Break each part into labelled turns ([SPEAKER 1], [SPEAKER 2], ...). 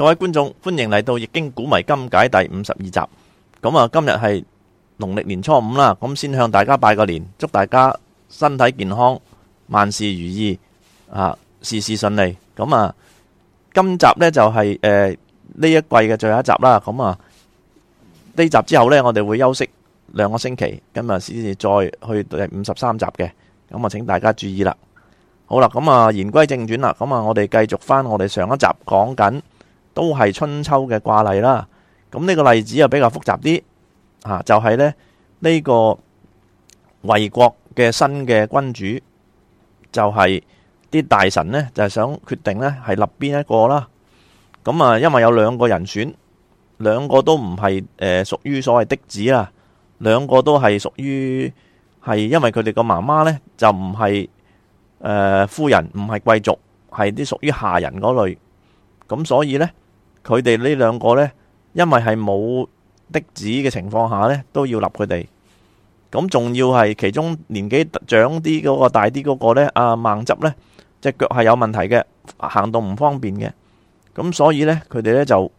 [SPEAKER 1] 各位觀眾，歡迎嚟到《易經古謎今解》第五十二集。咁啊，今日係農曆年初五啦。咁先向大家拜個年，祝大家身體健康，萬事如意啊，事事順利。咁啊，今集咧就係誒呢一季嘅最後一集啦。咁啊呢集之後咧，我哋會休息兩個星期，今日先至再去誒五十三集嘅。咁啊，請大家注意啦。好啦，咁啊言歸正傳啦。咁啊，我哋繼續翻我哋上一集講緊。都係春秋嘅卦例啦。咁、這、呢個例子又比較複雜啲，吓就係咧呢個衛國嘅新嘅君主，就係、是、啲大臣呢，就係想決定呢係立邊一個啦。咁啊，因為有兩個人選，兩個都唔係誒屬於所謂的子啦，兩個都係屬於係因為佢哋個媽媽呢，就唔係誒夫人，唔係貴族，係啲屬於下人嗰類，咁所以呢。佢哋呢兩個呢，因為係冇嫡子嘅情況下呢，都要立佢哋。咁仲要係其中年紀長啲嗰個大啲嗰個呢，阿孟縶呢隻腳係有問題嘅，行動唔方便嘅。咁所以呢，佢哋呢就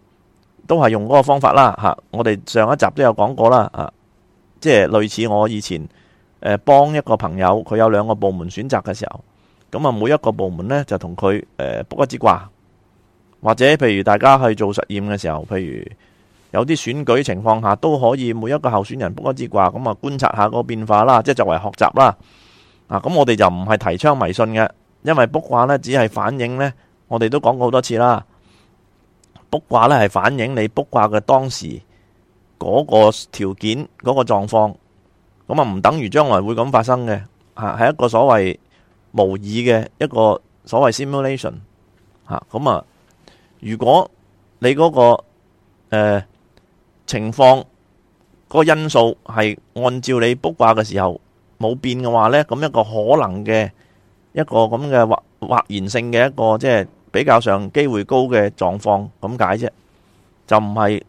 [SPEAKER 1] 都係用嗰個方法啦。吓，我哋上一集都有講過啦。啊，即係類似我以前誒幫一個朋友，佢有兩個部門選擇嘅時候，咁啊每一個部門呢，就同佢誒卜一支卦。或者譬如大家去做實驗嘅時候，譬如有啲選舉情況下都可以每一個候選人卜一支卦，咁啊觀察下個變化啦，即係作為學習啦。啊，咁我哋就唔係提倡迷信嘅，因為卜卦咧只係反映呢，我哋都講過好多次啦。卜卦咧係反映你卜卦嘅當時嗰個條件嗰個狀況，咁啊唔等於將來會咁發生嘅吓，係、啊、一個所謂模擬嘅一個所謂 simulation 吓，咁啊。如果你嗰個誒情況嗰個因素係按照你卜卦嘅時候冇變嘅話咧，咁一個可能嘅一個咁嘅或或然性嘅一個即係比較上機會高嘅狀況咁解啫，就唔係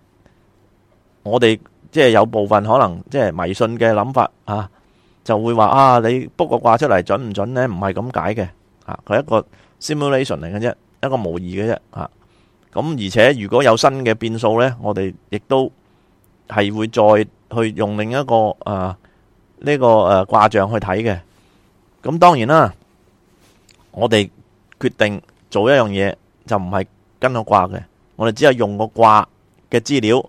[SPEAKER 1] 我哋即係有部分可能即係迷信嘅諗法啊，就會話啊你卜個卦出嚟準唔準咧？唔係咁解嘅啊，佢一個 simulation 嚟嘅啫，一個模擬嘅啫啊。咁而且如果有新嘅變數呢，我哋亦都係會再去用另一個啊呢個誒卦象，去睇嘅。咁當然啦，我哋決定做一樣嘢就唔係跟個卦嘅，我哋只係用個卦嘅資料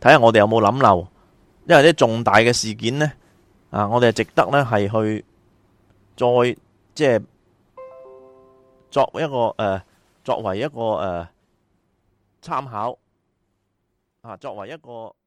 [SPEAKER 1] 睇下我哋有冇諗漏，因為啲重大嘅事件呢啊，我哋係值得呢係去再即係作一個誒，作為一個誒。參考啊，作為一個。